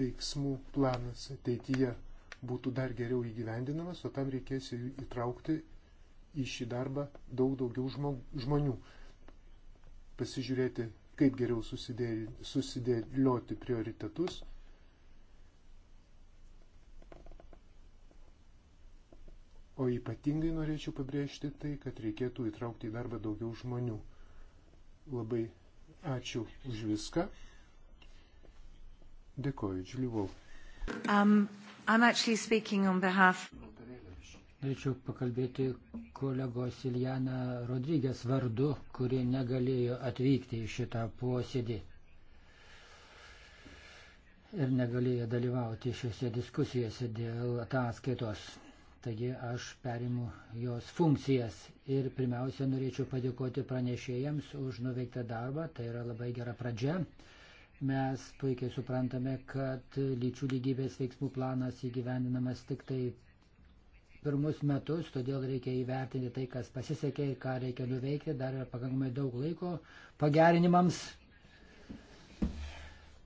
veiksmų planas ateityje būtų dar geriau įgyvendinamas, o tam reikės įtraukti į šį darbą daug daugiau žmonių. Pasižiūrėti, kaip geriau susidėlioti prioritetus. O ypatingai norėčiau pabrėžti tai, kad reikėtų įtraukti į darbą daugiau žmonių. Labai ačiū už viską. Dėkoju, Džiulivau. Um, behalf... Norėčiau pakalbėti kolegos Iljana Rodrygės vardu, kuri negalėjo atvykti į šitą posėdį ir negalėjo dalyvauti šiuose diskusijose dėl ataskaitos. Taigi aš perimu jos funkcijas ir pirmiausia norėčiau padėkoti pranešėjams už nuveiktą darbą, tai yra labai gera pradžia. Mes puikiai suprantame, kad lyčių lygybės veiksmų planas įgyvendinamas tik tai pirmus metus, todėl reikia įvertinti tai, kas pasisekė ir ką reikia nuveikti. Dar yra pakankamai daug laiko pagerinimams.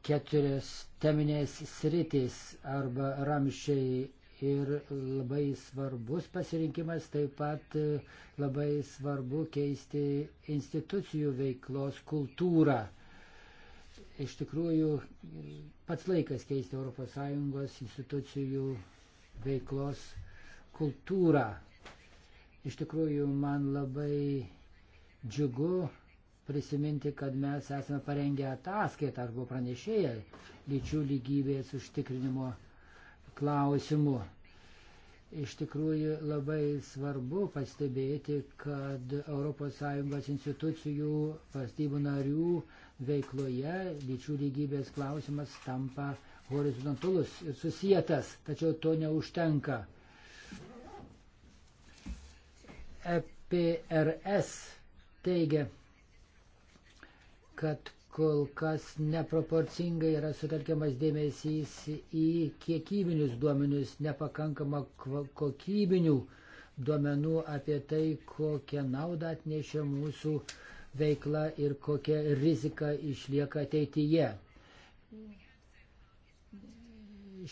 Keturios teminės sritys arba ramšiai ir labai svarbus pasirinkimas, taip pat labai svarbu keisti institucijų veiklos kultūrą. Iš tikrųjų, pats laikas keisti ES institucijų veiklos kultūrą kultūrą. Iš tikrųjų, man labai džiugu prisiminti, kad mes esame parengę ataskaitą arba pranešėję lyčių lygybės užtikrinimo klausimų. Iš tikrųjų labai svarbu pastebėti, kad ES institucijų, valstybių narių veikloje lyčių lygybės klausimas tampa horizontalus ir susijęs, tačiau to neužtenka. EPRS teigia, kad kol kas neproporcingai yra sutelkiamas dėmesys į kiekybinius duomenius, nepakankama kokybinių duomenų apie tai, kokią naudą atnešė mūsų veikla ir kokia rizika išlieka ateityje.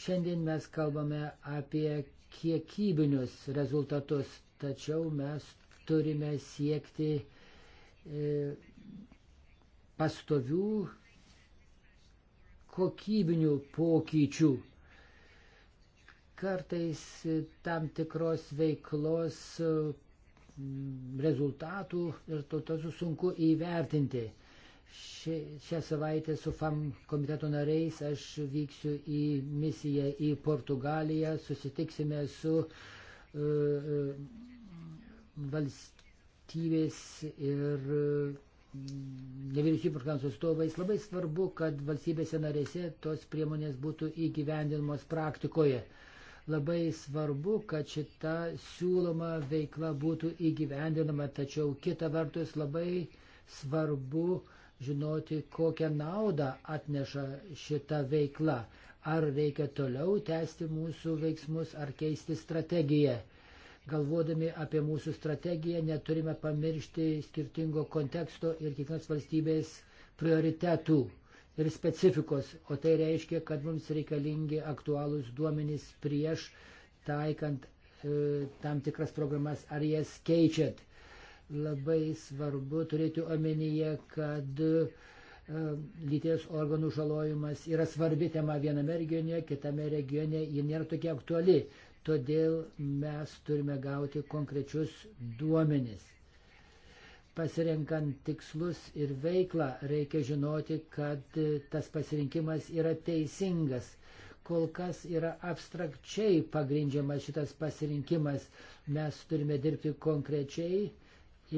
Šiandien mes kalbame apie kiekybinius rezultatus tačiau mes turime siekti e, pastovių kokybinių pokyčių. Kartais tam tikros veiklos e, rezultatų ir to tas sunku įvertinti. Ši, šią savaitę su FAM komiteto nariais aš vyksiu į misiją į Portugaliją, susitiksime su uh, valstybės ir mm, nevyriausybinių organizacijų atstovais, labai svarbu, kad valstybėse narėse tos priemonės būtų įgyvendinamos praktikoje. Labai svarbu, kad šita siūloma veikla būtų įgyvendinama, tačiau kita vertus labai svarbu žinoti, kokią naudą atneša šita veikla. Ar reikia toliau tęsti mūsų veiksmus, ar keisti strategiją galvodami apie mūsų strategiją, neturime pamiršti skirtingo konteksto ir kiekvienos valstybės prioritetų ir specifikos. O tai reiškia, kad mums reikalingi aktualūs duomenys prieš taikant e, tam tikras programas ar jas keičiant. Labai svarbu turėti omenyje, kad e, lyties organų žalojimas yra svarbi tema viename regione, kitame regione ji nėra tokia aktuali. Todėl mes turime gauti konkrečius duomenis. Pasirenkant tikslus ir veiklą reikia žinoti, kad tas pasirinkimas yra teisingas. Kol kas yra abstrakčiai pagrindžiamas šitas pasirinkimas. Mes turime dirbti konkrečiai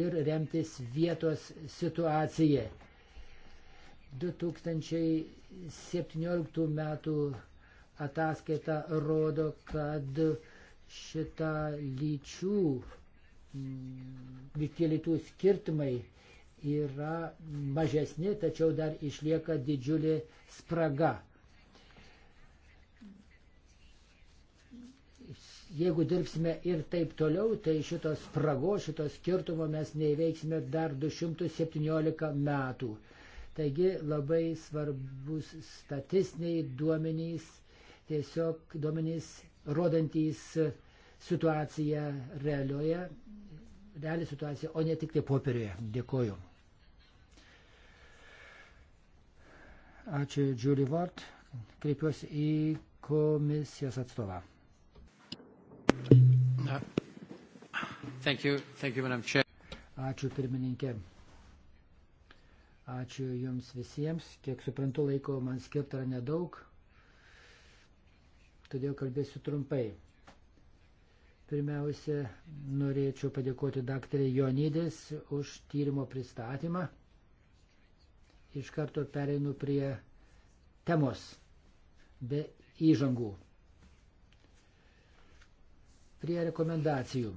ir remtis vietos situacijai. 2017 m ataskaita rodo, kad šita lyčių, mm, tie lyčių skirtumai yra mažesni, tačiau dar išlieka didžiulė spraga. Jeigu dirbsime ir taip toliau, tai šitos sprago, šitos skirtumo mes neįveiksime dar 217 metų. Taigi labai svarbus statistiniai duomenys Tiesiog duomenys rodantys situaciją realioje, realią situaciją, o ne tik tai popieriuje. Dėkoju. Ačiū, Julie Ward. Kreipiuosi į komisijos atstovą. Thank you. Thank you, Madam Chair. Ačiū pirmininkė. Ačiū Jums visiems. Kiek suprantu, laiko man skirta yra nedaug todėl kalbėsiu trumpai. Pirmiausia, norėčiau padėkoti daktarė Jonydės už tyrimo pristatymą. Iš karto pereinu prie temos be įžangų. Prie rekomendacijų.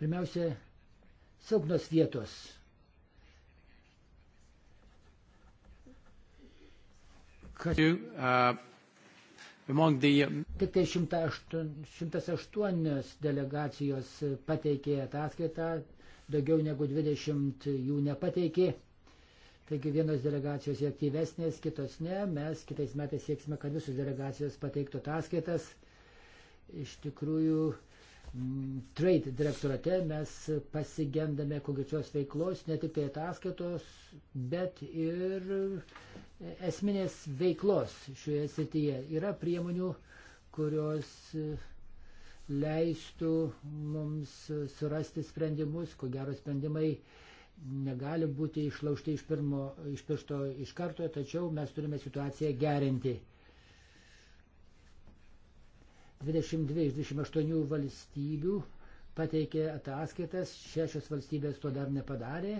Pirmiausia, silpnos vietos kad... Um, Tik tai 108 delegacijos pateikė ataskaitą, daugiau negu 20 jų nepateikė. Taigi vienos delegacijos yra aktyvesnės, kitos ne. Mes kitais metais sieksime, kad visos delegacijos pateiktų ataskaitas. Iš tikrųjų, Mm, trade direktorate mes pasigendame konkrečios veiklos, ne tik tai ataskaitos, bet ir esminės veiklos šioje srityje. Yra priemonių, kurios leistų mums surasti sprendimus, ko gero sprendimai negali būti išlaužti iš, pirmo, iš piršto iš karto, tačiau mes turime situaciją gerinti. 22 iš 28 valstybių pateikė ataskaitas, šešios valstybės to dar nepadarė.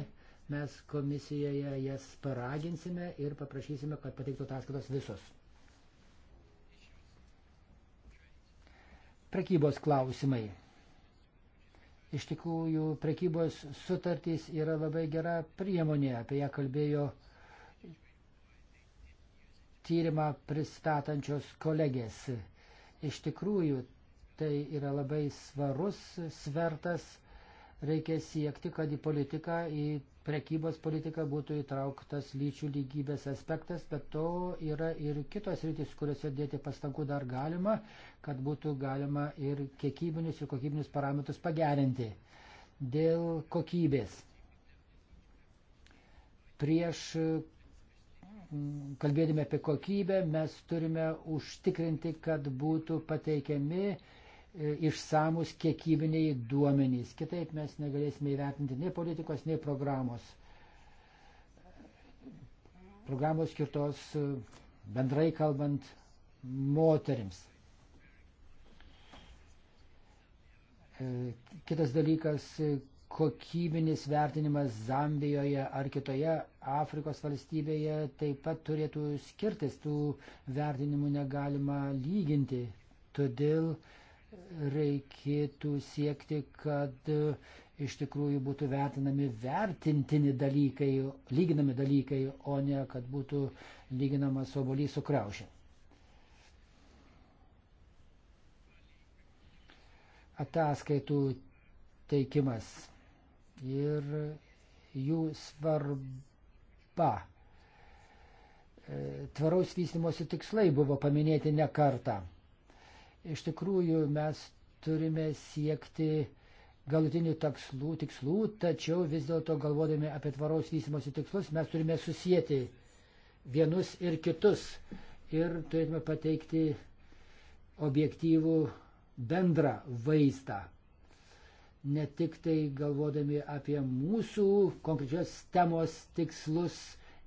Mes komisijoje jas paraginsime ir paprašysime, kad pateiktų ataskaitos visos. Prekybos klausimai. Iš tikrųjų, prekybos sutartys yra labai gera priemonė, apie ją kalbėjo tyrimą pristatančios kolegės Iš tikrųjų, tai yra labai svarus svertas. Reikia siekti, kad į politiką, į prekybos politiką būtų įtrauktas lyčių lygybės aspektas, bet to yra ir kitos rytis, kuriuose dėti pastangų dar galima, kad būtų galima ir kiekybinius ir kokybinius parametrus pagerinti. Dėl kokybės. Prieš kalbėdami apie kokybę, mes turime užtikrinti, kad būtų pateikiami e, išsamus kiekybiniai duomenys. Kitaip mes negalėsime įvertinti nei politikos, nei programos. Programos skirtos e, bendrai kalbant moterims. E, kitas dalykas kokybinis vertinimas Zambijoje ar kitoje Afrikos valstybėje taip pat turėtų skirtis, tų vertinimų negalima lyginti. Todėl reikėtų siekti, kad e, iš tikrųjų būtų vertinami vertintini dalykai, lyginami dalykai, o ne kad būtų lyginamas obolys su kraušė. Ataskaitų teikimas ir jų svarba. E, tvaraus vystimosi tikslai buvo paminėti ne kartą. Iš tikrųjų, mes turime siekti galutinių tikslų, tikslų tačiau vis dėlto galvodami apie tvaraus vystimosi tikslus, mes turime susijęti vienus ir kitus ir turėtume pateikti objektyvų bendrą vaizdą ne tik tai galvodami apie mūsų konkrečios temos tikslus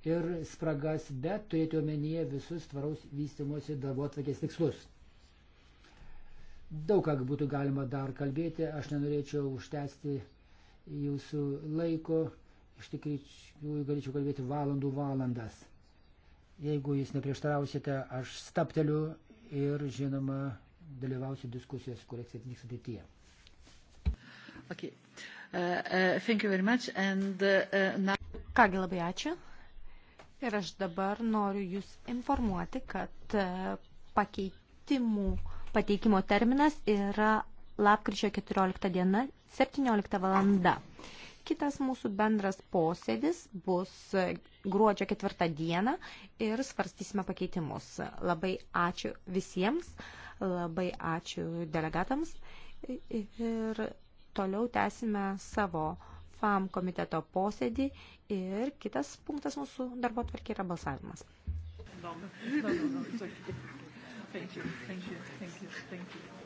ir spragas, bet turėti omenyje visus tvaraus vystimosi darbo atvakės tikslus. Daug ką būtų galima dar kalbėti, aš nenorėčiau užtęsti jūsų laiko, iš tikrųjų galėčiau kalbėti valandų valandas. Jeigu jūs neprieštarausite, aš stapteliu ir, žinoma, dalyvausiu diskusijos, kurias atvyks ateityje. Okay. Uh, uh, And, uh, uh, now... Kągi labai ačiū. Ir aš dabar noriu Jūs informuoti, kad uh, pakeitimų pateikimo terminas yra lapkričio 14 diena 17 valanda. Kitas mūsų bendras posėdis bus uh, gruodžio 4 dieną ir svarstysime pakeitimus. Labai ačiū visiems, labai ačiū delegatams. Ir toliau tęsime savo FAM komiteto posėdį ir kitas punktas mūsų darbo tvarkė yra balsavimas. No, no, no, no, no, it's okay. Thank you, thank you, thank you, thank you.